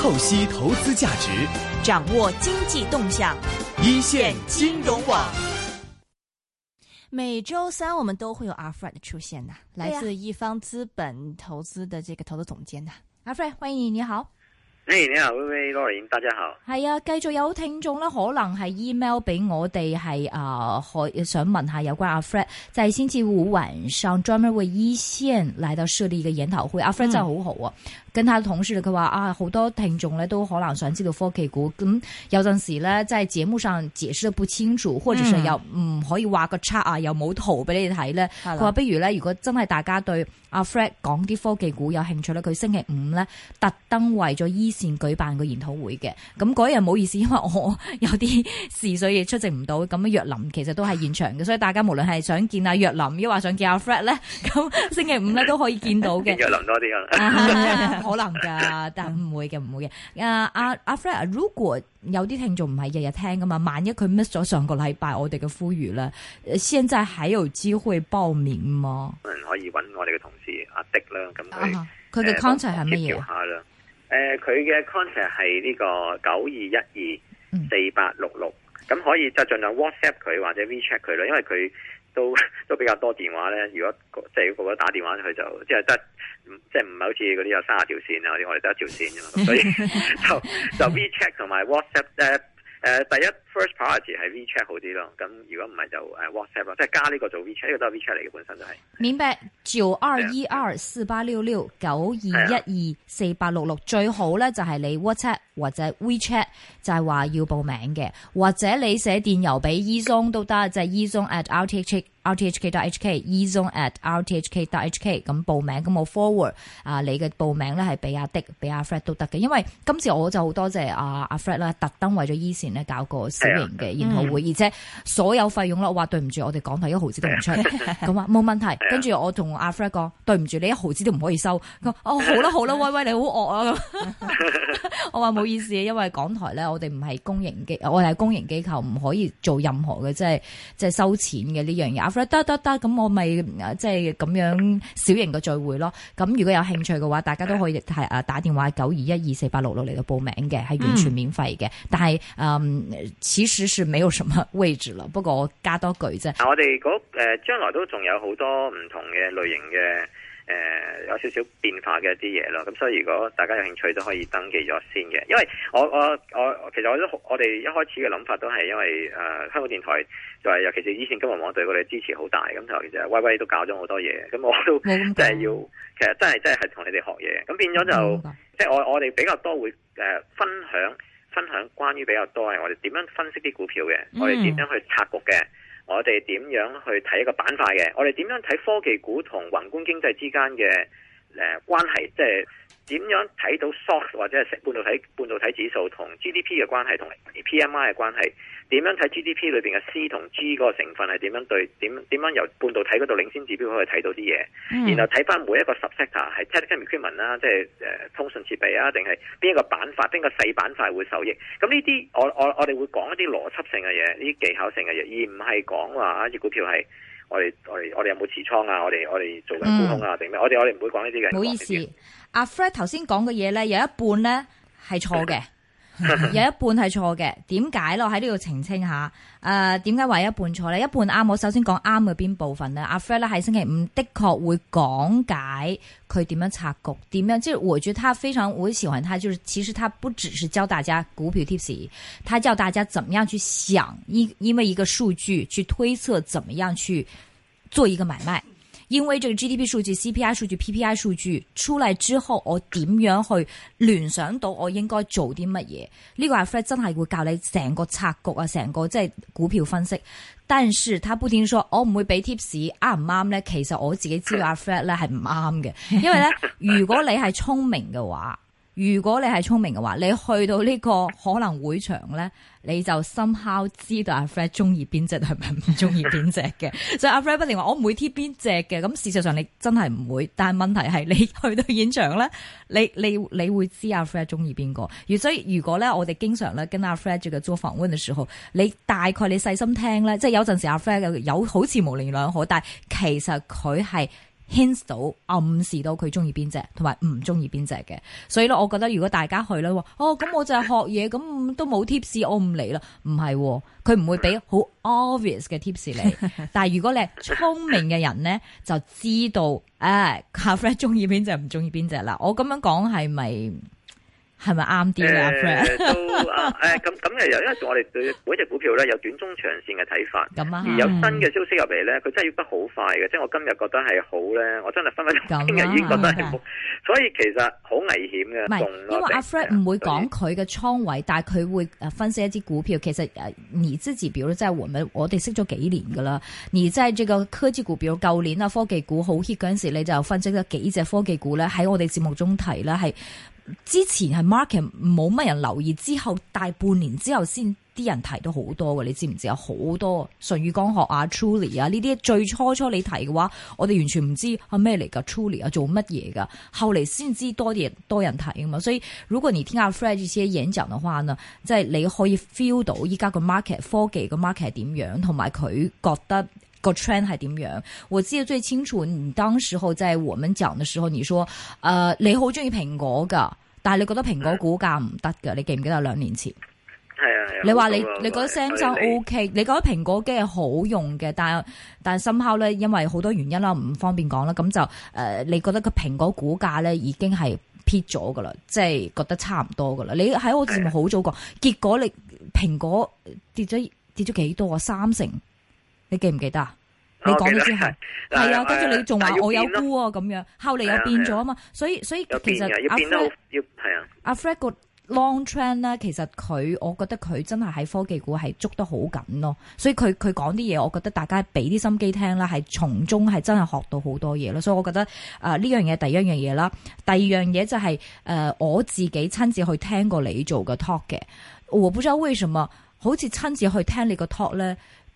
透析投資價值，掌握經濟動向，一線金融網。每周三我們都會有阿 Fred 出現呐，來自一方資本投資的這個投資總監呐、啊，阿 Fred 歡迎你，你好。哎，你 好，各位老友，大家好。係啊，繼 續有聽眾呢，可能係 email 俾我哋係啊，想問下有關阿 Fred 在星期五晚上專門為一線來到設立一個研討會，嗯、阿 Fred 真係好好啊。跟他同事佢話啊，好多聽眾咧都可能想知道科技股，咁有陣時咧在節目上解釋不清楚，或者上又唔可以畫個 chart 啊，又冇圖俾你睇咧。佢話不如咧，如果真係大家對阿 Fred 講啲科技股有興趣咧，佢星期五咧特登為咗一線舉辦個研討會嘅。咁嗰日唔好意思，因為我有啲事所以出席唔到。咁樣若林其實都係現場嘅，所以大家無論係想見阿若林，抑或想見阿 Fred 咧，咁星期五咧都可以見到嘅。見若林多啲啊 可能㗎，但唔會嘅，唔會嘅。啊啊啊 Frank 如果有啲聽眾唔係日日聽㗎嘛，萬一佢 miss 咗上個禮拜我哋嘅呼籲咧，現在還有機會報名嗎？嗯，可以揾我哋嘅同事阿迪啦，咁佢嘅 contact 係咩嘢？誒、啊，佢嘅 contact 係呢個九二一二四八六六，咁可以就儘量 WhatsApp 佢或者 WeChat 佢啦，因為佢，都都比較多電話咧，如果即係個,個個打電話佢就即係得，即係唔係好似嗰啲有卅條線啊啲，我哋得一條線啫嘛，咁所以 就就,就 WeChat 同埋 WhatsApp、App 誒，第一 first priority 係 WeChat 好啲咯，咁如果唔係就誒 WhatsApp 咯，即係加呢個做 WeChat 呢個都係 WeChat 嚟嘅，本身就係。明白。九二一二四八六六九二一二四八六六最好咧就係你 WhatsApp 或者 WeChat 就係話要報名嘅，或者你寫電郵俾伊松都得，就係伊松 at r t h rthk.hk，ezone@rthk.hk，咁報名，咁我 forward 啊你嘅報名咧係俾阿迪，俾阿 fred 都得嘅。因為今次我就好多謝阿、啊、阿、啊、fred 啦，特登為咗 ezone 咧搞個小型嘅研討會，哎嗯，而且所有費用啦。我話對唔住我哋港台一毫子都唔出，咁話冇問題，跟住我同阿 fred 講，對唔住你一毫子都唔可以收，哦好啦好啦，喂喂你好惡啊！咁， 我話冇意思，因為港台咧我哋唔係公營機，我哋係公營機構唔可以做任何嘅即係即係收錢嘅呢樣嘢。得得得，咁我咪即係咁樣小型嘅聚會咯。咁如果有興趣嘅話，大家都可以係啊打電話九二一二四八六六嚟到報名嘅，係完全免費嘅、嗯。但係嗯，其實是沒有什麼位置啦。不過加多句啫。我哋嗰誒將來都仲有好多唔同嘅類型嘅。誒、呃、有少少變化嘅一啲嘢咯，咁所以如果大家有興趣都可以登記咗先嘅，因為我我我其實我都我哋一開始嘅諗法都係因為誒、呃、香港電台就係、是、尤其是以前金融網對我哋支持好大，咁就其實威威都搞咗好多嘢，咁我都即係、就是、要其實真係真係同你哋學嘢，咁變咗就即係我我哋比較多會誒、呃、分享分享關於比較多係我哋點樣分析啲股票嘅、嗯，我哋點樣去拆局嘅。我哋點樣去睇一個板塊嘅？我哋點樣睇科技股同宏觀經濟之間嘅？誒、呃，關係即係點樣睇到 soft 或者係半導體半導體指數同 GDP 嘅關係同 PMI 嘅關係，點樣睇 GDP 裏邊嘅 C 同 G 嗰個成分係點樣對點點樣，樣由半導體嗰度領先指標可以睇到啲嘢，mm -hmm. 然後睇翻每一個 sector 係 telecommunicati、啊、on 啦，即係誒、呃、通訊設備啊，定係邊一個板塊邊個細板塊會受益。咁呢啲我我我哋會講一啲邏輯性嘅嘢，呢啲技巧性嘅嘢，而唔係講話一隻股票係。我哋我哋我哋有冇持倉啊？我哋我哋做緊沽空啊？定、嗯、咩？我哋我哋唔會講呢啲嘅。唔好意思，阿 Fred 頭先講嘅嘢咧，有一半咧係錯嘅。 有一半係錯嘅，點解咧？我喺呢度澄清下，誒、呃，點解話一半錯咧？一半啱，我首先講啱嘅邊部分咧。阿 Fred 咧喺星期五的確會講解佢點樣拆局，點樣即係，就是，我覺得他非常我喜歡他，就是其實他不只是教大家股票 tips，他教大家怎麼樣去想，因因為一個數據去推測，怎麼樣去做一個買賣。因為個 GDP 數據、CPI 數據、PPI 數據出嚟之後，我點樣去聯想到我應該做啲乜嘢？呢個阿 Fred 真係會教你成個策局啊，成個即係股票分析。但是他不停說我唔會俾 tips 啱唔啱咧。其實我自己知道阿 Fred 咧係唔啱嘅，因為咧如果你係聰明嘅話。 如果你係聰明嘅話，你去到呢個可能會場咧，你就深敲知道阿 Fred 中意邊隻，係咪唔中意邊隻嘅？ 所以阿 Fred 不停話我唔會貼邊隻嘅，咁事實上你真係唔會。但係問題係你去到現場咧，你你你會知道阿 Fred 中意邊個？所以如果咧，我哋經常咧跟阿 Fred 做個訪問嘅時候，你大概你細心聽咧，即係有陣時阿 Fred 有好似模棱兩可，但其實佢係，hint 到暗示到佢中意邊隻，同埋唔中意邊隻嘅，所以咧，我覺得如果大家去咧，哦，咁我就係學嘢，咁都冇 tips，我唔嚟啦，唔係，佢唔會俾好 obvious 嘅 tips 嚟， 但係如果你係聰明嘅人咧，就知道，誒 c a u f r e 中意邊隻唔中意邊隻啦，我咁樣講係咪？係咪啱啲啊？Fred、啊、 都咁咁嘅，又、啊哎、因為我哋對每一隻股票咧有短中長線嘅睇法， 而有新嘅消息入嚟咧，佢真係要得好快嘅、 嗯，即係我今日覺得係好咧，我真係分分鐘聽日已經覺得係好。 所以其實好危險嘅。唔係，因為 Fred 唔會講佢嘅倉位，但係佢會分析一支股票。其實誒，而之前，呢，真係我們我哋識咗幾年噶啦，而係這個科技股票，舊年啊科技股好 heat 嗰陣時，你就分析咗幾隻科技股咧，喺我哋節目中提啦，係。之前係 market 冇乜人留意，之後大半年之後先啲人提到好多嘅。你知唔知有好多舜宇光學啊，Truly 啊呢啲最初初你提嘅話，我哋完全唔知係咩嚟噶，Truly 啊 Trulli，做乜嘢噶。後嚟先知多啲人多人提啊嘛，所以如果你聽下 Fred 自己演講嘅話呢，即係你可以 feel 到依家個 market 科技個 market 係點樣，同埋佢覺得。個 trend 係點樣？我知道最清楚，你當時候在、就是、我們講的時候，你說，誒、呃，你好中意蘋果噶，但係你覺得蘋果股價唔得噶，你記唔記得兩年前？係啊，你話你你覺得 Samsung OK，你覺得蘋果機係好用嘅，但係但係，深好咧，因為好多原因啦，唔方便講啦，咁就誒、呃，你覺得個蘋果股價咧已經係撇咗噶啦，即、就、係、是、覺得差唔多噶啦。你喺我節目好早講，結果你蘋果跌咗跌咗幾多啊？三成。你記唔記得、哦、啊？你講咗之後，係啊，跟住你仲話我有沽啊，咁樣後嚟又變咗啊嘛，所以所以其實阿 Fred 要係啊，阿 Fred 個 long trend 咧，其實佢我覺得佢真係喺科技股係捉得好緊咯，所以佢佢講啲嘢，我覺得大家俾啲心機聽啦，係從中係真係學到好多嘢咯，所以我覺得誒呢、呃、樣嘢第一樣嘢啦，第二樣嘢就係、是、誒、呃、我自己親自去聽過你做嘅 talk 嘅，我不知道為什麼好似親自去聽你個 talk 咧。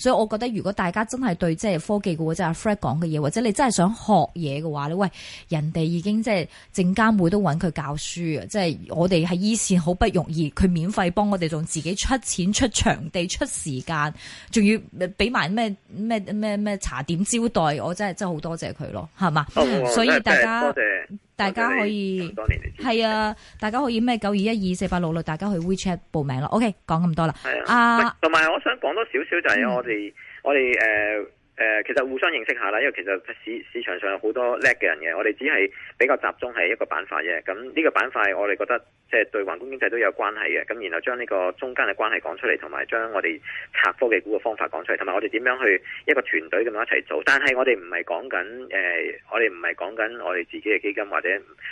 所以，我覺得如果大家真係對即係科技嘅話，即係阿 Fred 講嘅嘢，或者你真係想學嘢嘅話咧，喂，人哋已經即係證監會都揾佢教書啊！即係我哋喺以前好不容易，佢免費幫我哋，仲自己出錢出場地出時間，仲要俾埋咩咩咩咩茶點招待，我真係真好多謝佢咯，係嘛？所以大家。大家可以係啊，大家可以咩九二一二四八六六，大家去 WeChat 報名啦。OK，講咁多啦、啊。啊，同埋我想講多少少就係我哋、嗯、我哋誒。Uh, 誒、呃，其實互相認識下啦，因為其實市市場上有好多叻嘅人嘅，我哋只係比較集中係一個板塊嘅。咁呢個板塊，我哋覺得即係對宏觀經濟都有關係嘅。咁然後將呢個中間嘅關係講出嚟，同埋將我哋拆科技股嘅方法講出嚟，同埋我哋點樣去一個團隊咁樣一齊做。但係我哋唔係講緊，誒、呃，我哋唔係講緊我哋自己嘅基金或者，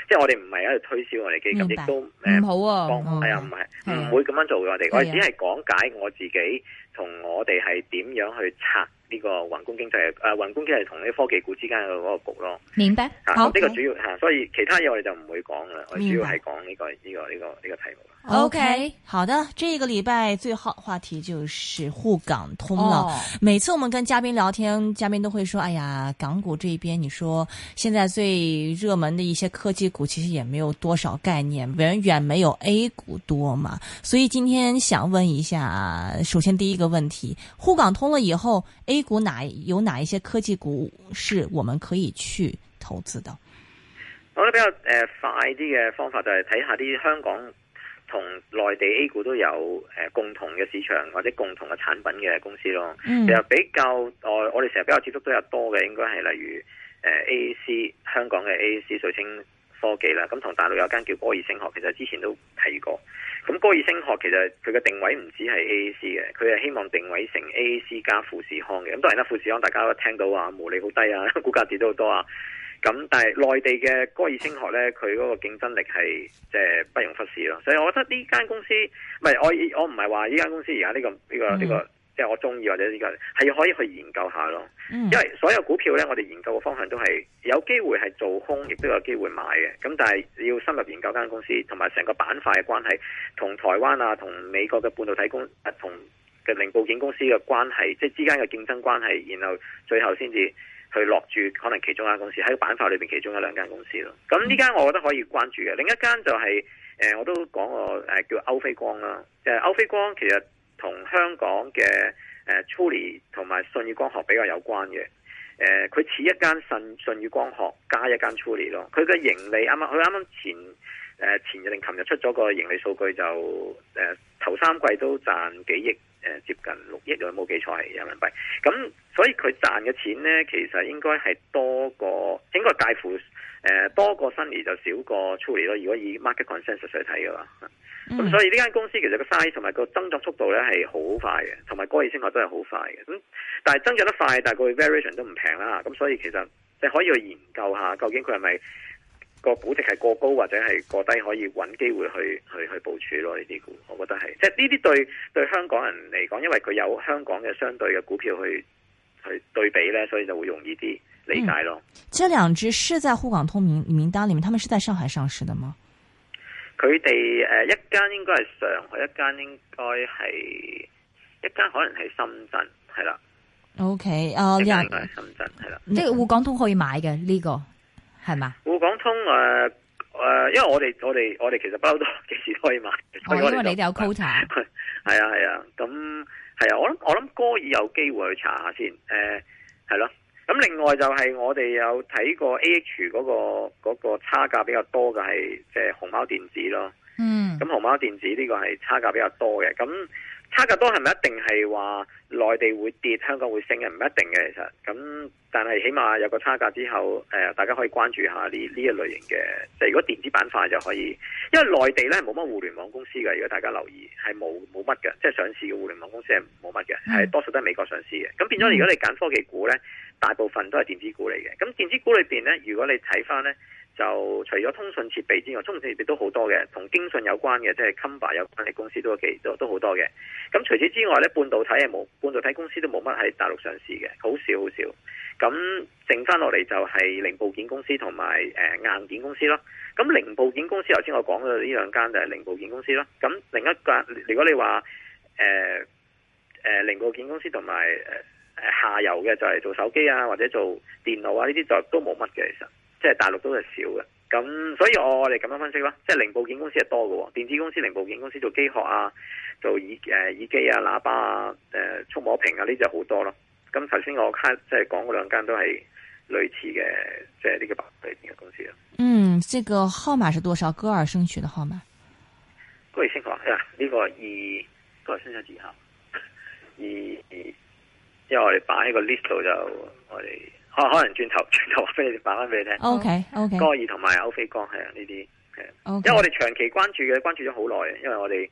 即係我哋唔係喺度推銷我哋基金，亦都誒，唔好、啊，唔係唔會咁樣做嘅。我哋我哋只係講解我自己同我哋係點樣去拆。呢、這個宏觀經濟誒，宏、呃、觀經濟同呢科技股之間嘅嗰個局咯。明白，好、啊。呢、okay. 個主要嚇，所以其他嘢我哋就唔會講啦。我哋主要係講呢個呢、這個呢、這個呢、這個題目。O、okay. K，、okay. 好的，這個禮拜最後話題就是滬港通啦。Oh. 每次我們跟嘉賓聊天，嘉賓都會說：，哎呀，港股這邊，你說現在最熱門的一些科技股，其實也沒有多少概念，遠遠沒有 A 股多嘛。所以今天想問一下，首先第一個問題，滬港通了以後，A A 股哪有哪一些科技股是我們可以去投資的？我覺得比較誒快啲嘅方法就係睇下啲香港同內地 A 股都有誒共同嘅市場或者共同嘅產品嘅公司咯。其實比較誒、嗯、我哋成日比較接觸比有多嘅，應該係例如誒 A A C 香港嘅 A A C 瑞聲科技啦。咁同大陸有間叫歌爾聲學，其實之前都睇過。咁歌爾聲學其實佢嘅定位唔止係 AAC 嘅，佢係希望定位成 AAC 加富士康嘅。咁當然啦，富士康大家都聽到話、啊、毛利好低啊，股價跌都好多啊。咁但係內地嘅歌爾聲學呢，佢嗰個競爭力係即係不容忽視咯。所以我覺得呢間公司，唔我我唔係話呢間公司而家呢個呢個呢個。呢個呢個 Mm-hmm. 即係我中意或者呢個，係可以去研究下咯。因為所有股票呢，我哋研究嘅方向都係有機會係做空，亦都有機會買嘅。咁但係要深入研究間公司，同埋成個板塊嘅關係，同台灣啊，同美國嘅半導體公啊，同嘅零部件公司嘅關係，即係之間嘅競爭關係，然後最後先至去落住可能其中一間公司喺個板塊裏邊其中一兩間公司咯。咁呢間我覺得可以關注嘅，另一間就係誒，我都講過叫歐菲光啦。即係歐菲光其實。同香港嘅誒 Truly 同埋信譽光學比較有關嘅。誒佢似一間信信譽光學加一間 Truly 咯，佢嘅盈利啱啱佢啱啱前誒、呃、前日定琴日出咗個盈利數據就誒、呃、頭三季都賺幾億、呃、接近六億兩，冇記錯係人民幣，咁所以佢賺嘅錢咧其實應該係多過應該介乎。誒、呃，多過 Sunny 就少過 Truly 咯。如果以 market consensus 嚟睇嘅話，咁、mm -hmm. 所以呢間公司其實個 size 同埋個增長速度咧係好快嘅，同埋個市升幅都係好快嘅。咁、嗯、但係增長得快，但係個 variation 都唔平啦。咁所以其實你可以去研究下，究竟佢係咪個估值係過高或者係過低，可以搵機會去去去部署咯呢啲股我覺得係，即係呢啲對對香港人嚟講，因為佢有香港嘅相對嘅股票去去對比咧，所以就會容易啲。理解咯，即係這兩隻是在滬港通名名單裏面，他們是在上海上市的嗎？佢哋誒，一間應該係上海，一間應該係一間可能係深圳，係啦。O K，啊，一間係深圳，係啦，即係滬港通可以買嘅呢、嗯，這個係嘛？滬港通誒誒、呃呃，因為我哋我哋我哋其實不嬲都幾時都可以買的，哦、以我因為你哋有 quota，係啊係啊，咁係啊，我諗我諗哥以有機會去查下先，誒係咯。是的。咁另外就係我哋有睇過 A H 嗰個嗰個差價比較多嘅係，即係熊貓電子咯，嗯，咁熊貓電子呢個係差價比較多嘅，咁。差價多係咪一定係話內地會跌，香港會升嘅？唔一定嘅，其實咁，但係起碼有個差價之後，誒、呃，大家可以關注下呢呢一類型嘅，即係如果電子板塊就可以，因為內地呢冇乜互聯網公司嘅，如果大家留意係冇冇乜嘅，即係、就是、上市嘅互聯網公司係冇乜嘅，係多數都係美國上市嘅，咁變咗如果你揀科技股呢、嗯，大部分都係電子股嚟嘅。咁電子股裏邊呢，如果你睇翻呢。就除咗通訊設備之外，通訊設備都好多嘅，同京信有關嘅，即係 comba 有關嘅公司都有幾多嘅，都好多嘅。咁除此之外呢，半導體係冇，半導體公司都冇乜係大陸上市嘅，好少好少。咁剩翻落嚟就係零部件公司同埋誒硬件公司咯。咁零部件公司頭先我講咗呢兩間就係零部件公司咯。咁另一間，如果你話誒誒零部件公司同埋誒下游嘅就係做手機啊或者做電腦啊呢啲就都冇乜嘅其實。即、就、係、是、大陸都係少嘅，咁所以我哋咁樣分析啦。即、就、係、是、零部件公司係多嘅，電子公司、零部件公司做機殼啊，做耳誒耳機啊、喇叭啊、誒、呃、觸摸屏啊，呢就好多咯。咁頭先我即係講嗰兩間都係類似嘅，即係呢個白對邊嘅公司。嗯，這個號碼是多少？歌爾聲學嘅號碼？歌爾聲學，呢、這個二歌爾聲學字號，二二，因為我哋擺喺個 list 度就我哋。哦、啊，可能轉頭轉頭俾你哋擺翻俾你聽。OK OK。歌爾同埋歐菲光係啊，呢啲係。因為我哋長期關注嘅，關注咗好耐啊，因為我哋。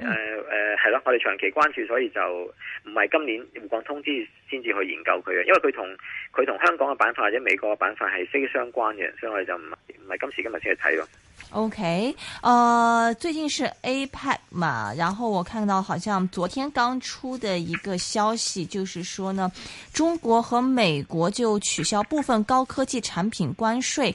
誒、嗯、誒、係、呃、咯，我哋長期關注，所以就唔係今年滬港通知先至去研究佢嘅，因為佢同佢同香港嘅板塊或者美國嘅板塊係息息相關嘅，所以我哋就唔係唔係今時今日先去睇咯。OK，誒、呃，最近是 APEC 嘛，然後我看到好像昨天剛出的一個消息，就是說呢，中國和美國就取消部分高科技產品關稅。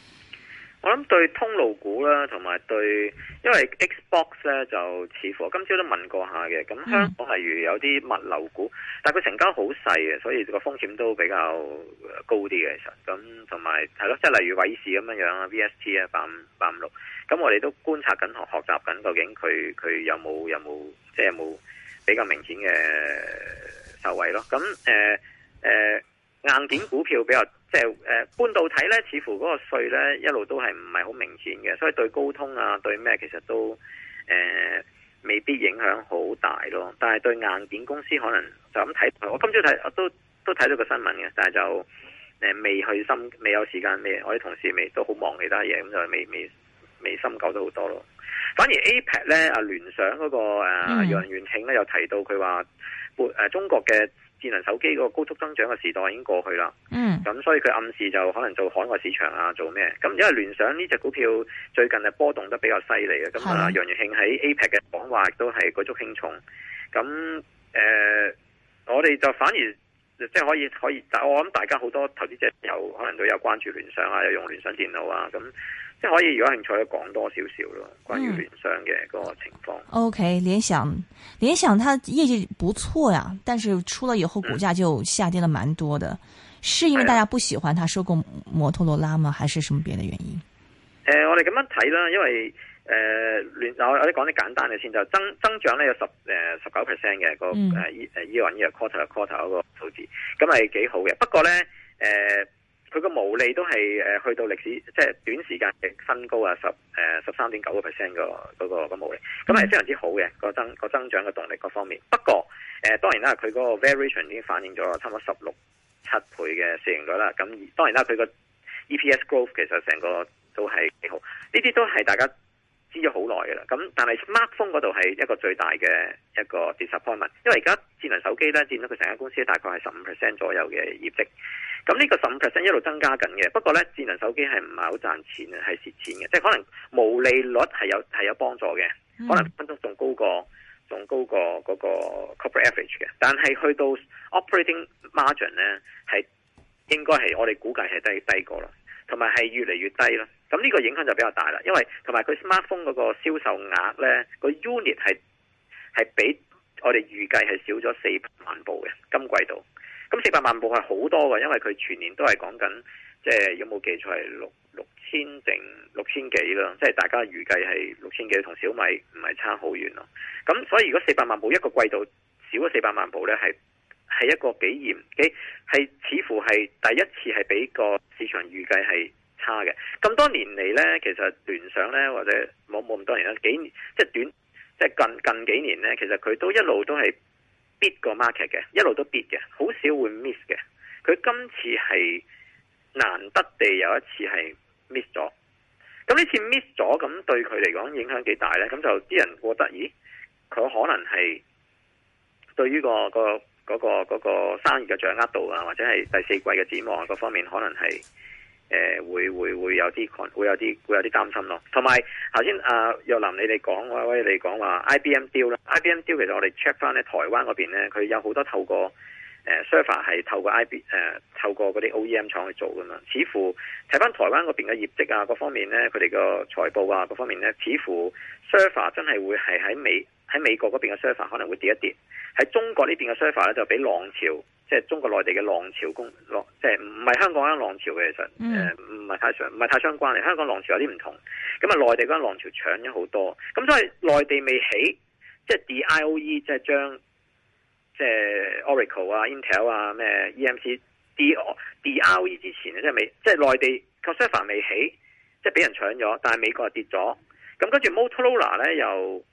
我諗對通路股啦，同埋對，因為 Xbox 咧就似乎我今朝都問過下嘅，咁香港例如有啲物流股，但係佢成交好細嘅，所以個風險都比較高啲嘅，其實咁同埋係咯，即係例如偉仕咁樣樣啊，VST 啊，八五八五六，咁我哋都觀察緊同學習緊，究竟佢佢有冇有冇即係有冇比較明顯嘅受惠咯？咁誒誒硬件股票比較。即係誒、呃，半導體咧，似乎嗰個稅咧，一路都係唔係好明顯嘅，所以對高通啊，對咩其實都誒、呃、未必影響好大咯。但係對硬件公司可能就咁睇。我今朝睇，我都都睇到個新聞嘅，但係就誒、呃、未去深，未有時間，未我啲同事未都好忙你多嘢，咁就未未未深究得好多咯。反而 APEC 咧，阿聯想嗰、那個誒楊、呃嗯、元慶咧，又提到佢話誒中國嘅。智能手機個高速增長嘅時代已經過去啦，咁、mm. 所以佢暗示就可能做海外市場啊，做咩？咁因為聯想呢隻股票最近係波動得比較犀利嘅，咁啊楊元慶喺 APEC 嘅講話亦都係舉足輕重，咁誒、呃、我哋就反而即係可以可以，但我諗大家好多投資者有可能都有關注聯想啊，有用聯想電腦啊咁。即係可以，如果興趣咧，講多少少咯，關於聯商嘅嗰個情況。OK，聯想，聯想，它業績不錯呀，但是出了以後股價就下跌咗蠻多的，嗯，是因為大家不喜歡它，收購摩托羅拉嗎？還是什麼別的原因？誒、嗯嗯呃，我哋咁樣睇啦，因為誒聯、呃，我我哋講啲簡單嘅先，就增增長咧有十誒十九 percent 嘅個誒誒 y e a r quarter-quarter 個數字，咁係幾好嘅。不過咧誒。呃佢個毛利都係誒去到歷史即係短時間嘅新高啊十誒十三點九個 percent，個嗰個咁毛利，咁係非常之好嘅個增個增長嘅動力各方面。不過誒、呃、當然啦，佢嗰個 variation 已經反映咗差唔多十六七倍嘅市盈率啦。咁當然啦，佢個 EPS growth 其實成個都係幾好，呢啲都係大家。知咗好耐嘅啦，咁但係 smartphone 嗰度係一個最大嘅一個 disappointment，因為而家智能手機咧佔到佢成間公司大概係十五 percent 左右嘅業績，咁呢個十五 percent 一路增加緊嘅。不過咧，智能手機係唔係好賺錢嘅，係蝕錢嘅，即係可能毛利率係有係有幫助嘅，可能分足仲高過仲高過嗰個 corporate average 嘅。但係去到 operating margin 咧，係應該係我哋估計係低低過啦，同埋係越嚟越低啦。咁呢個影響就比較大啦，因為同埋佢 smartphone 嗰個銷售額呢，個 unit 係係比我哋預計係少咗四百萬部嘅今季度。咁四百萬部係好多嘅，因為佢全年都係講緊，即係有冇記錯係六六千定六千幾啦。即係大家預計係六千幾，同小米唔係差好遠咯。咁所以如果四百萬部一個季度少咗四百萬部呢，係係一個幾嚴？係似乎係第一次係比個市場預計係。差嘅咁多年嚟呢，其實聯想呢，或者冇冇咁多年啦，幾年即係短，即係近近幾年呢，其實佢都一路都係 beat 個 market 嘅，一路都 beat 嘅，好少會 miss 嘅。佢今次係難得地有一次係 miss 咗。咁呢次 miss 咗，咁對佢嚟講影響幾大呢？咁就啲人覺得，咦，佢可能係對於、嗰個、嗰個、嗰個、嗰個生意嘅掌握度啊，或者係第四季嘅展望啊，各方面可能係。誒、呃、會會會有啲羣，有啲會有啲擔心咯。同埋頭先阿若林你哋講，威威你講話 IBM deal 啦，IBM deal 其實我哋 check 翻咧，台灣嗰邊咧，佢有好多透過誒 server 係透過 IBM、呃、透過嗰啲 OEM 廠去做噶嘛。似乎睇翻台灣嗰邊嘅業績啊，各方面咧，佢哋個財報啊，各方面咧，似乎 server 真係會係喺美喺美國嗰邊嘅 server 可能會跌一跌，喺中國呢邊嘅 server 咧就畀浪潮。即係中國內地嘅浪潮，浪即係唔係香港嗰浪潮嘅，其實誒唔係太相唔係太相關嚟。香港浪潮有啲唔同，咁啊內地嗰陣浪潮搶咗好多。咁所以內地未起，即係 DIOE 即係將即係 Oracle 啊、Intel 啊、咩 EMC、D DIOE 之前啊，即係美，即係內地。Cassava 未起，即係俾人搶咗，但係美國又跌咗。咁跟住 Motorola 咧又。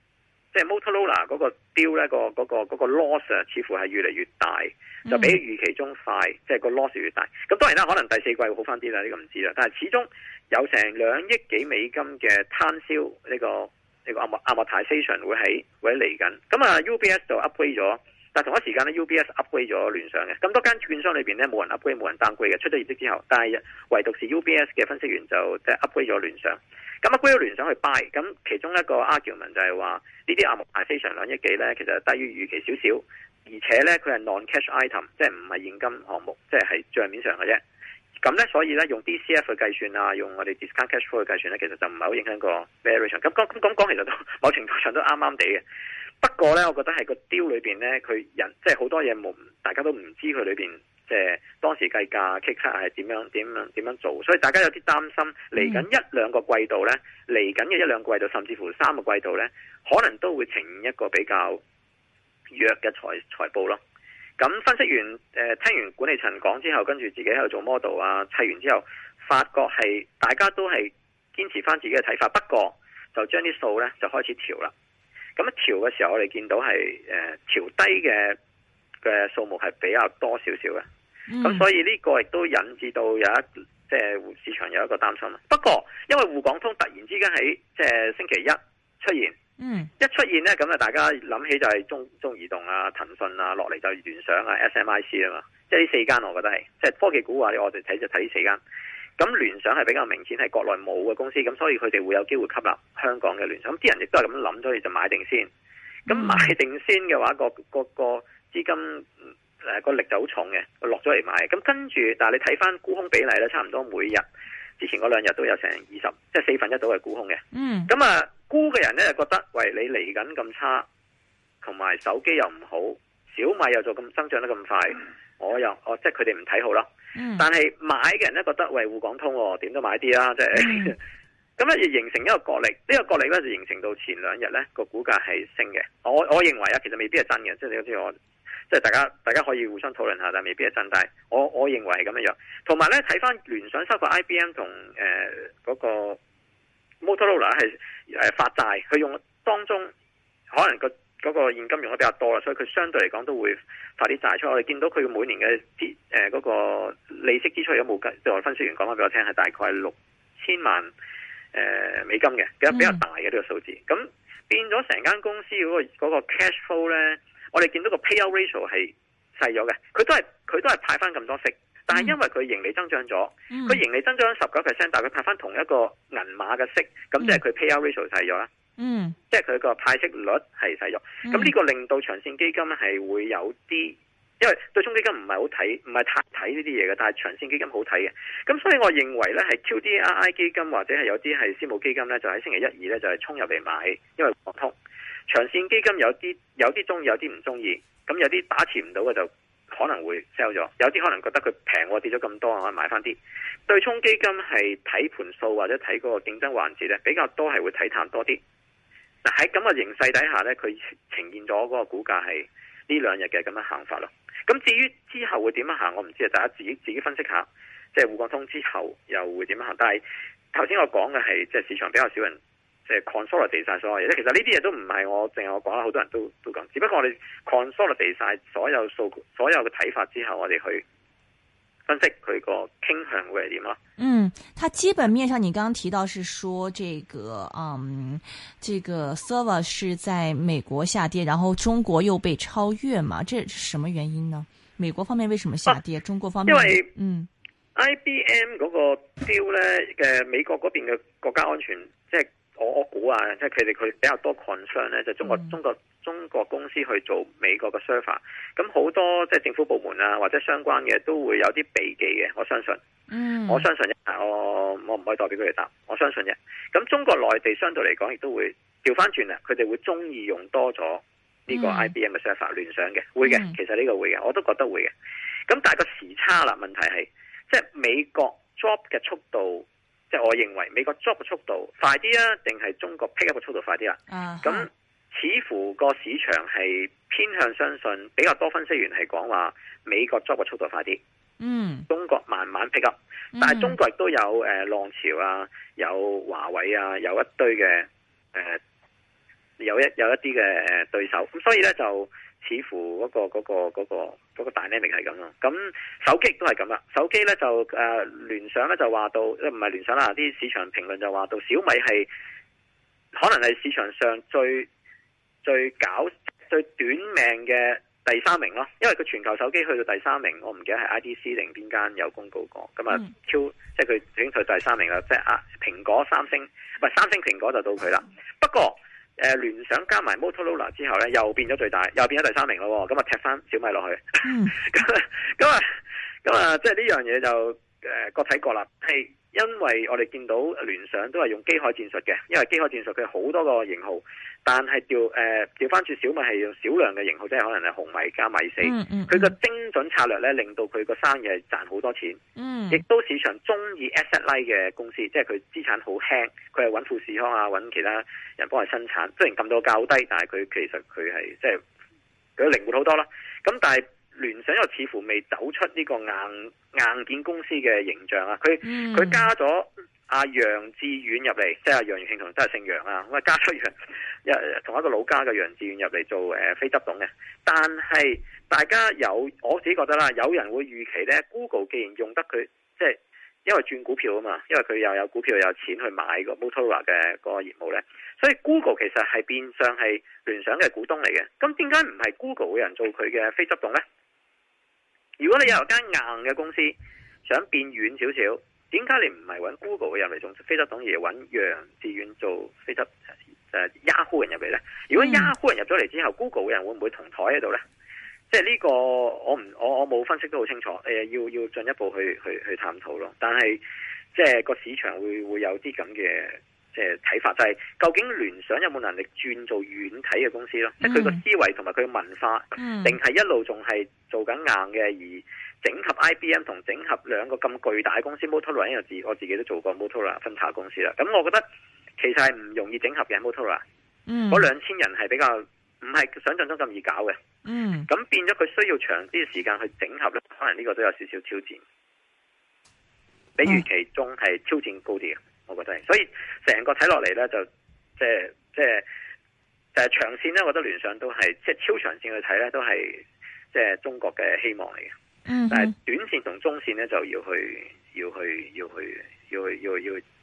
即、就、係、是、Motorola 嗰個 deal 咧、那個嗰、那個嗰、那個 loss 似乎係越嚟越大，嗯，就比預期中快，即、就、係、是、個 loss 越大。咁當然啦，可能第四季會好翻啲啦，呢、這個唔知啦。但係始終有成兩億幾美金嘅攤銷呢、這個呢、這個 amor amor amortization 會喺會嚟緊。咁啊，UBS 就 upgrade 咗。但同一時間咧，UBS upgrade 咗聯想嘅，咁多間券商裏面咧，冇人 upgrade，冇人 downgrade 嘅，出咗業績之後，但係唯獨是 UBS 嘅分析員就即係、就是、upgrade 咗聯想，咁 upgrade 咗聯想去 buy，咁其中一個 argument 就係話呢啲 amortization 非常兩億幾咧，其實低於預期少少，而且咧佢係 non cash item，即係唔係現金項目，即係係帳面上嘅啫。咁咧所以咧用 DCF 去計算啊，用我哋 discount cash flow 去計算咧，其實就唔係好影響個 valuation。咁咁咁講，其實都某程度上都啱啱地嘅。不過呢，我覺得係個雕裏邊呢，佢人即係好多嘢，冇大家都唔知佢裏邊，即係當時計價、calc 係點樣、點樣、點樣做，所以大家有啲擔心。嚟緊一兩個季度呢，嚟緊嘅一兩個季度，甚至乎三個季度呢，可能都會呈現一個比較弱嘅財財報咯。咁分析員，誒、呃，聽完管理層講之後，跟住自己喺度做 model 啊，砌完之後，發覺係大家都係堅持翻自己嘅睇法，不過就將啲數呢，就開始調啦。咁調嘅時候，我哋見到係誒調低嘅嘅數目係比較多少少嘅，咁、嗯、所以呢個亦都引致到有一即係市場有一個擔心啦。不過因為滬港通突然之間喺即係星期一出現，嗯、一出現咧咁啊，大家諗起就係中中移動啊、騰訊啊落嚟就聯想啊、SMIC 啊嘛，即係呢四間，我覺得係即係科技股話，我哋睇就睇呢四間。咁聯想係比較明顯係國內冇嘅公司，咁所以佢哋會有機會吸納香港嘅聯想。咁啲人亦都係咁諗咗，你就買定先。咁買定先嘅話，個個個資金誒個、呃、力就好重嘅，落咗嚟買。咁跟住，但係你睇翻沽空比例咧，差唔多每日之前嗰兩日都有成二十，即係四分一度係沽空嘅。嗯。咁啊沽嘅人咧就覺得，喂，你嚟緊咁差，同埋手機又唔好，小米又做咁增長得咁快。嗯我又，哦，即係佢哋唔睇好咯。但係買嘅人咧覺得，喂，滬港通點都買啲啦，即係咁咧，就形成一個角力。呢個角力咧就形成到前兩日咧個股價係升嘅。我我認為啊，其實未必係真嘅，即係你好似我，即係大家大家可以互相討論下，但係未必係真大。但我我認為係咁樣樣。同埋咧睇翻聯想收購 IBM 同誒嗰個 Motorola 係誒發債，佢用當中可能個。嗰、那個現金用得比較多啦，所以佢相對嚟講都會發啲債出。我哋見到佢每年嘅啲嗰利息支出有冇計？就係分析員講翻俾我聽，係大概六千萬誒、呃、美金嘅，比較比較大嘅呢個數字。咁、嗯、變咗成間公司嗰、那個那個 cash flow 咧，我哋見到個 pay out ratio 係細咗嘅。佢都係佢都係派翻咁多息，嗯、但係因為佢盈利增長咗，佢、嗯、盈利增長十九 percent，但佢派翻同一個銀碼嘅息，咁即係佢 pay out ratio 細咗啦。嗯，即係佢個派息率係細咗，咁，嗯，呢個令到長線基金咧係會有啲，因為對沖基金唔係好睇，唔係太睇呢啲嘢嘅，但係長線基金好睇嘅，咁所以我認為呢係 QDII 基金或者係有啲係私募基金呢，就喺星期一二呢就係衝入嚟買，因為港通長線基金有啲有啲中意，有啲唔中意，咁有啲打持唔到嘅就可能會 sell 咗，有啲可能覺得佢平，我跌咗咁多啊，買翻啲對沖基金係睇盤數或者睇嗰個競爭環節呢，比較多係會睇淡多啲。喺咁嘅形勢底下呢，佢呈現咗嗰個股價係呢兩日嘅咁樣行法咯。咁至於之後會點樣行，我唔知啊。大家自己自己分析下，即係滬港通之後又會點樣行。但係頭先我講嘅係即係市場比較少人即係 consolidate 晒所有嘢，即其實呢啲嘢都唔係我淨係我講啦，好多人都都講。只不過我哋 consolidate 晒所有數所有嘅睇法之後，我哋去。分析佢個傾向會係點啊？嗯，他基本面上，你剛剛提到是說，這個嗯，這個 server 是在美國下跌，然後中國又被超越嘛？這是什麼原因呢？美國方面為什麼下跌？啊、中國方面因為嗯，IBM 嗰個 deal 咧嘅，呃、美國嗰邊嘅國家安全即係。我我估啊，即係佢哋佢比較多 concern 咧，就中國中國、嗯、中國公司去做美國嘅 server，咁好多即係政府部門啊或者相關嘅都會有啲避忌嘅，我相信。嗯，我相信啫，我我唔可以代表佢哋答，我相信嘅，咁中國內地相對嚟講亦都會調翻轉啦，佢哋會中意用多咗呢個 IBM 嘅 server，聯想嘅會嘅、嗯，其實呢個會嘅，我都覺得會嘅。咁但係個時差啦，問題係即係美國 drop 嘅速度。即、就、係、是、我認為美國 job 嘅速度快啲啊，定係中國 pick up 嘅速度快啲啦？嗯，咁似乎個市場係偏向相信比較多分析員係講話美國 job 嘅速度快啲，嗯、mm.，中國慢慢 pick up，、mm. 但係中國亦都有誒、呃、浪潮啊，有華為啊，有一堆嘅誒、呃，有一有一啲嘅誒對手，咁所以呢，就。似乎嗰、嗰個、嗰、嗰個、嗰、嗰個、嗰個大 name 係咁咯。咁手機都係咁啦。手機咧就誒，聯、呃、想咧就話到，唔係聯想啦，啲市場評論就話到小米係可能係市場上最最搞、最短命嘅第三名咯。因為佢全球手機去到第三名，我唔記得係 IDC 定邊間有公告過。咁啊，q、mm. 即係佢已經去第三名啦。即係啊，蘋果三星、三星，唔係三星、蘋果就到佢啦。不過。誒、呃、聯想加埋 Motorola 之後咧，又變咗最大，又變咗第三名咯。咁啊，踢返小米落去。咁啊，咁啊，咁啊，即係呢樣嘢就誒各睇各啦。係、呃。國因為我哋見到聯想都係用機海戰術嘅，因為機海戰術佢好多個型號，但係調誒調翻轉小米係用少量嘅型號，即係可能係紅米加米四。佢個精準策略咧，令到佢個生意係賺好多錢。亦都市場中意 asset light 嘅公司，即係佢資產好輕，佢係揾富士康啊，揾其他人幫佢生產。雖然咁到價好低，但係佢其實佢係即係佢靈活好多啦。咁但係。聯想又似乎未走出呢個硬硬件公司嘅形象啊！佢佢、嗯、加咗阿楊志遠入嚟，即係阿楊元慶同都係姓楊啊！咁啊加咗楊，同一個老家嘅楊志遠入嚟做誒、呃、非執董嘅。但係大家有我自己覺得啦，有人會預期呢。Google 既然用得佢，即、就、係、是、因為轉股票啊嘛，因為佢又有股票又有錢去買個 Motorola 嘅個業務呢。所以 Google 其實係變相係聯想嘅股東嚟嘅。咁點解唔係 Google 嘅人做佢嘅非執董呢？如果你有間硬嘅公司想變軟少少，點解你唔係搵 Google 嘅人嚟做？非得黨亦搵楊致遠做非得誒、啊、Yahoo 嘅人入嚟咧？如果 Yahoo 人入咗嚟之後，Google 嘅人會唔會同台喺度咧？即係呢個我唔我我冇分析得好清楚誒、呃，要要進一步去去去探討咯。但係即係個市場會會有啲咁嘅。嘅睇法就係究竟聯想有冇能力轉做軟體嘅公司咯？即係佢個思維同埋佢嘅文化，定係一路仲係做緊硬嘅？而整合 IBM 同整合兩個咁巨大嘅公司，Motorola 因為，我自己都做過 Motorola 分拆公司啦。咁我覺得其實係唔容易整合嘅 Motorola，嗰兩千人係比較唔係想象中咁易搞嘅。咁、mm -hmm. 變咗佢需要長啲時間去整合咧，可能呢個都有少少挑戰，比預期中係挑戰高啲嘅。我覺得係，所以成個睇落嚟咧，就即係即係，就係，即係即係，長線咧，我覺得聯想都係即係超長線去睇咧，都係即係中國嘅希望嚟嘅。嗯、mm -hmm.，但係短線同中線咧，就要去，要去，要去，要去，要要。要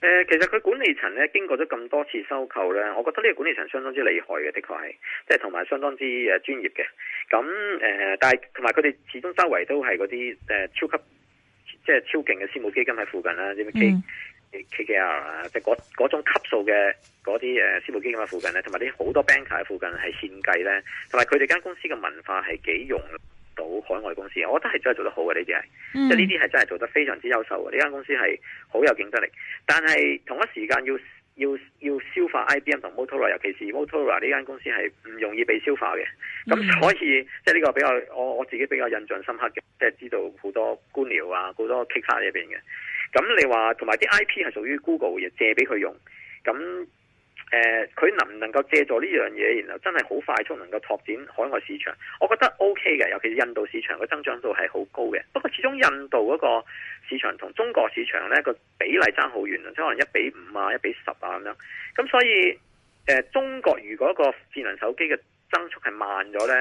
誒、呃，其實佢管理層咧經過咗咁多次收購咧，我覺得呢個管理層相當之厲害嘅，的確係，即係同埋相當之誒專業嘅。咁誒、呃，但係同埋佢哋始終周圍都係嗰啲誒超級，即係超勁嘅私募基金喺附近啦，啲 K K K K R 啊，即係嗰嗰種級數嘅嗰啲誒私募基金喺附近咧，同埋啲好多 banker 喺附近係獻計咧，同埋佢哋間公司嘅文化係幾融。到海外公司，我覺得係真係做得好嘅呢啲，即係呢啲係真係做得非常之優秀嘅呢間公司係好有競爭力。但係同一時間要要要消化 IBM 同 Motorola，尤其是 Motorola 呢間公司係唔容易被消化嘅。咁、嗯、所以即係呢個比較我我自己比較印象深刻嘅，即、就、係、是、知道好多官僚啊，好多 KitKat 入邊嘅。咁你話同埋啲 IP 係屬於 Google，嘅嘢，借俾佢用咁。誒、呃，佢能唔能夠借助呢樣嘢，然後真係好快速能夠拓展海外市場？我覺得 OK 嘅，尤其是印度市場嘅增長度係好高嘅。不過始終印度嗰個市場同中國市場呢個比例爭好遠，即可能一比五啊，一比十啊咁樣。咁所以，誒、呃，中國如果個智能手機嘅增速係慢咗呢，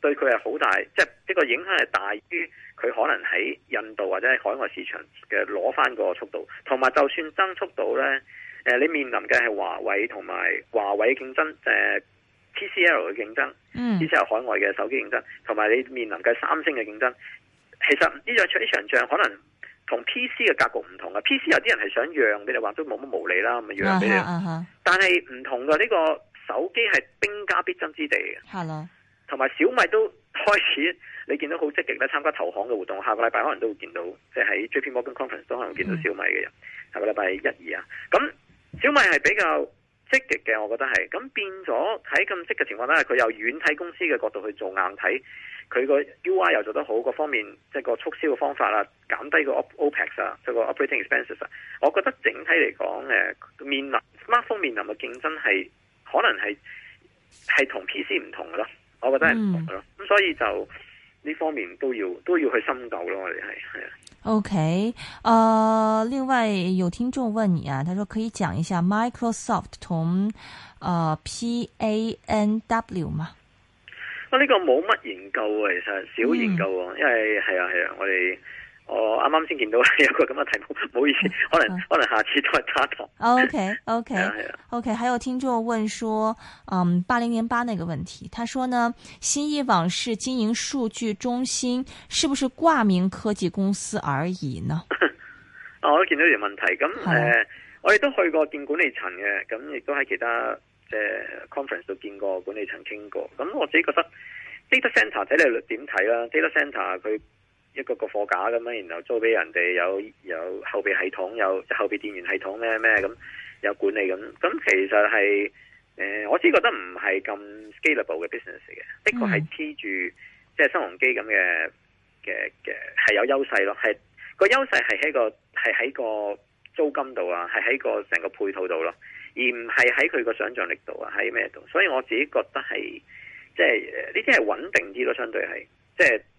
對佢係好大，即係呢個影響係大於佢可能喺印度或者喺海外市場嘅攞翻個速度。同埋，就算增速到呢。誒、呃，你面臨嘅係華為同埋華為競爭，誒 TCL 嘅競爭，嗯，而且係海外嘅手機競爭，同埋你面臨嘅三星嘅競爭。其實呢場呢場仗可能同 PC 嘅格局唔同嘅，PC 有啲人係想讓給你，你哋話都冇乜無理啦，咁啊讓俾你。啊哈啊哈但係唔同嘅呢、這個手機係兵家必爭之地嘅。係、啊、咯。同埋小米都開始，你見到好積極咧參加投行嘅活動，下個禮拜可能都會見到，即係喺 JPMorgan Conference 都可能見到小米嘅人，嗯。下個禮拜一二啊，咁、嗯。小米係比較積極嘅，我覺得係咁變咗喺咁積極嘅情況下，佢由軟體公司嘅角度去做硬體，佢個 U I 又做得好，個方面即係、就是、個促銷嘅方法啦，減低個 OPEX 啊，即係個 Operating Expenses 啊，我覺得整體嚟講，誒，面臨 Smart 方面臨嘅競爭係可能係係同 PC 唔同嘅咯，我覺得係唔同嘅咯，咁、嗯、所以就呢方面都要都要去深究咯，我哋係係啊。OK，呃、uh,，另外有聽眾問你啊，他說可以講一下 Microsoft 同呃、uh, PANW 嗎？我、啊、呢、呢個冇乜研究啊，其實少研究，mm. 因為係啊係啊，我哋。哦，啱啱先見到有個咁嘅題目，唔好意思， 可能 可能下次再探討 OK OK yeah, yeah. OK，還有聽眾問說，嗯，八零零八那個問題，他說呢，新意網是經營數據中心，是不是掛名科技公司而已呢？啊， 我都見到呢條問題，咁誒、 呃，我亦都去過見管理層嘅，咁、嗯、亦都喺其他即、呃、conference 都見過管理層傾過，咁我自己覺得 data center 睇你點睇啦，data center 佢。一個一個貨架咁啊，然後租俾人哋，有有後備系統，有後備電源系統咩咩咁，有管理咁。咁其實係誒、呃，我自己覺得唔係咁 scalable 嘅 business 嘅、嗯，的確係黐住即係新鴻基咁嘅嘅嘅，係有優勢咯。係、個優勢係喺個係喺個租金度啊，係喺個成個配套度咯，而唔係喺佢個想象力度啊，喺咩度？所以我自己覺得係即係呢啲係穩定啲咯，相對係即係。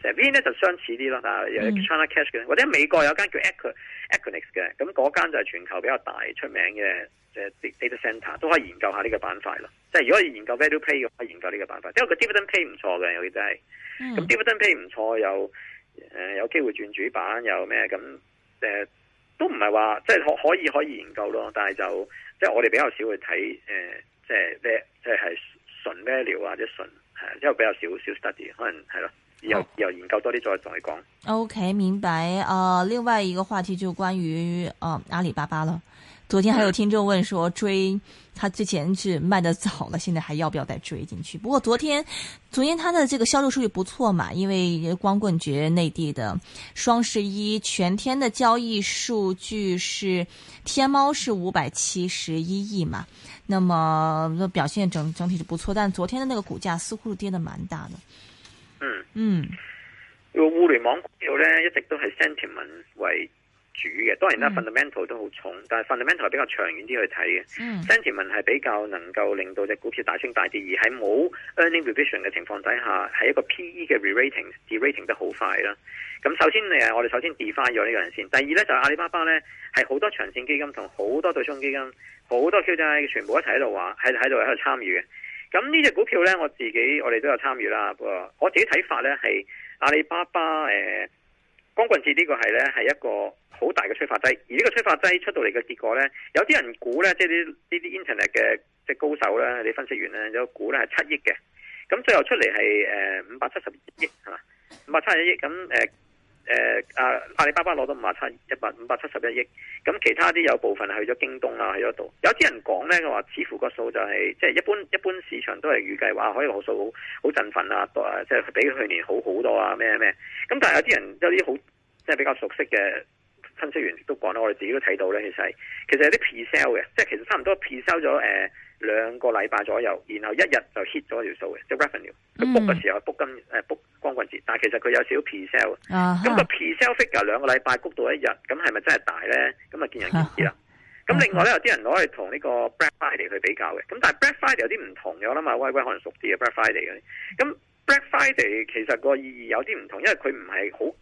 即咧就相似啲咯，但有 China Cash 嘅，或者美國有間叫 Equ Equinix 嘅，咁嗰間就係全球比較大出名嘅，即係 data center 都可以研究下呢個板塊咯。即係如果研究 value pay 嘅，可以研究呢個板塊，因為佢 dividend pay 唔錯嘅，有佢真係咁 dividend pay 唔錯，有誒有機會轉主板，有咩咁誒都唔係話即係可可以可以研究咯，但係就即係我哋比較少去睇誒，即係咩即係純 value 或者純，因為比較少少 study，可能係咯。又又研究多啲再再講。OK，明白。啊、呃，另外一個話題就關於呃阿里巴巴了。昨天還有聽眾問說追，追他之前是賣得早了，現在還要不要再追進去？不過昨天，昨天他的這個銷售數據不錯嘛，因為光棍節內地的雙十一全天的交易數據是天貓是五百七十一億嘛。那麼表現整整體是不錯，但昨天的那個股價似乎是跌得蠻大的。的嗯嗯，互聯網股票咧一直都係 sentiment 為主嘅，當然啦、嗯、fundamental 都好重，但係 fundamental 比較長遠啲去睇嘅、嗯。sentiment 係比較能夠令到隻股票大升大跌，而喺冇 earning revision 嘅情況底下，係一個 P E 嘅 re-rating，de-rating 得好快啦。咁首先誒，我哋首先 define 咗呢個人先。第二咧就係、是、阿里巴巴咧，係好多長線基金同好多對沖基金，好多 QE 全部一齊喺度玩，喺喺度喺度參與嘅。咁呢隻股票呢，我自己我哋都有參與啦。不過我自己睇法呢，係阿里巴巴誒、呃，光棍節呢個係呢係一個好大嘅催化劑。而呢個催化劑出到嚟嘅結果呢，有啲人估呢，即係啲呢啲 internet 嘅即係高手呢，你分析完呢，有估呢係七億嘅。咁最後出嚟係誒五百七十億係嘛，五百七十億咁誒。誒、呃、啊！阿里巴巴攞到五百七一百五百七十一億，咁其他啲有部分去咗京東啦，去咗度。有啲人講呢，佢話似乎個數就係即係一般一般市場都係預計話可以攞數好振奮啊，即、就、係、是、比去年好好多啊咩咩。咁但係有啲人有啲好即係比較熟悉嘅分析員都講到，我哋自己都睇到呢，其實係其實係啲 pre sell 嘅，即係其實差唔多 pre sell 咗誒。呃兩個禮拜左右，然後一日就 hit 咗條數嘅，即係 Revenue。book 嘅時候 book 金誒 book 光棍節，但係其實佢有少少 pre sell、啊。咁個 pre sell figure 兩個禮拜谷到一日，咁係咪真係大咧？咁啊見仁見智啦。咁另外咧、啊、有啲人攞去同呢個 Black Friday 去比較嘅。咁但係 Black Friday 有啲唔同嘅，我諗啊威威可能熟啲嘅 Black Friday 咁 Black Friday 其實個意義有啲唔同，因為佢唔係好。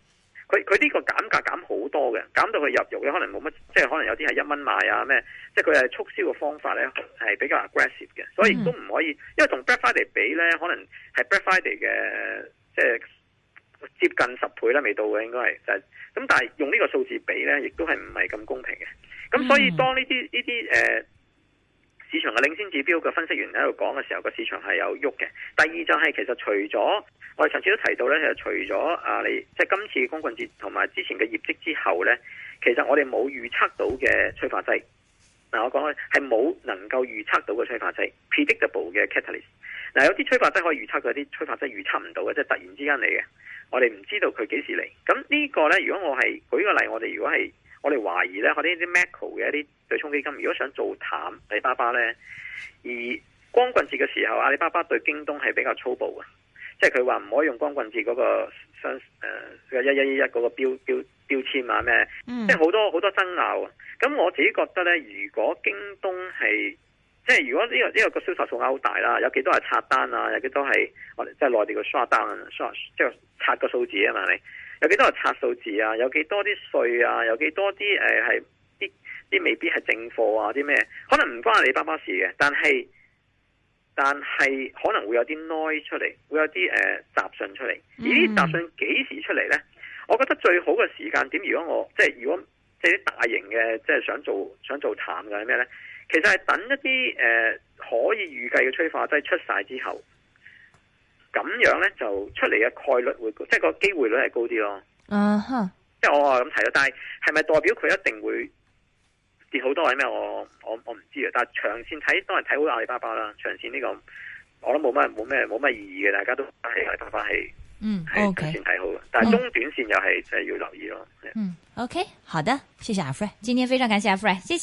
佢佢呢個減價減好多嘅，減到佢入肉咧，可能冇乜，即係可能有啲係一蚊賣啊咩，即係佢係促銷嘅方法咧，係比較 aggressive 嘅，所以都唔可以，因為同 Black Friday 比咧，可能係 Black Friday 嘅即係接近十倍啦，未到嘅應該係，咁、就係、但係用呢個數字比咧，亦都係唔係咁公平嘅，咁所以當呢啲呢啲誒。市場嘅領先指標嘅分析員喺度講嘅時候，個市場係有喐嘅。第二就係、是、其實除咗我哋上次都提到咧，其實除咗啊，你即係、就是、今次嘅光棍節同埋之前嘅業績之後咧，其實我哋冇預測到嘅催化劑。嗱、啊，我講係冇能夠預測到嘅催化劑 （predictable 嘅 catalyst）。嗱、啊，有啲催化劑可以預測，有啲催化劑預測唔到嘅，即、就、係、是、突然之間嚟嘅，我哋唔知道佢幾時嚟。咁呢個咧，如果我係舉個例，我哋如果係。我哋懷疑咧，可呢啲 macro 嘅一啲對沖基金，如果想做淡阿里巴巴咧，而光棍節嘅時候，阿里巴巴對京東係比較粗暴嘅，即係佢話唔可以用光棍節嗰個雙一一一一嗰個標標標籤啊咩，即係好多好多爭拗啊！咁我自己覺得咧，如果京東係即係如果呢個呢個個銷售數額好大啦，有幾多係刷單啊，有幾多係我哋即係內地嘅刷單刷即係刷個數字啊嘛你。有幾多係拆數字啊？有幾多啲稅啊？有幾多啲誒係啲啲未必係正貨啊？啲咩可能唔關阿里巴巴事嘅，但係但係可能會有啲 noise 出嚟，會有啲誒、呃、雜訊出嚟。而、嗯、啲雜訊幾時出嚟呢？我覺得最好嘅時間點，如果我即係如果即係啲大型嘅，即係想做想做淡嘅係咩呢？其實係等一啲誒、呃、可以預計嘅催化劑、就是、出晒之後。咁樣咧就出嚟嘅概率會高即係個機會率係高啲咯。啊哈，即係我係咁提咯。但係係咪代表佢一定會跌好多位咩？我我我唔知啊。但係長線睇，當然睇好阿里巴巴啦。長線呢、這個我都冇乜冇咩冇乜意義嘅，大家都係阿里巴巴係嗯 OK 係短線睇好，但係中短線又係、嗯、就係、是、要留意咯。嗯 OK 好的，謝謝阿 Frei，今天非常感謝阿 Frei，謝謝。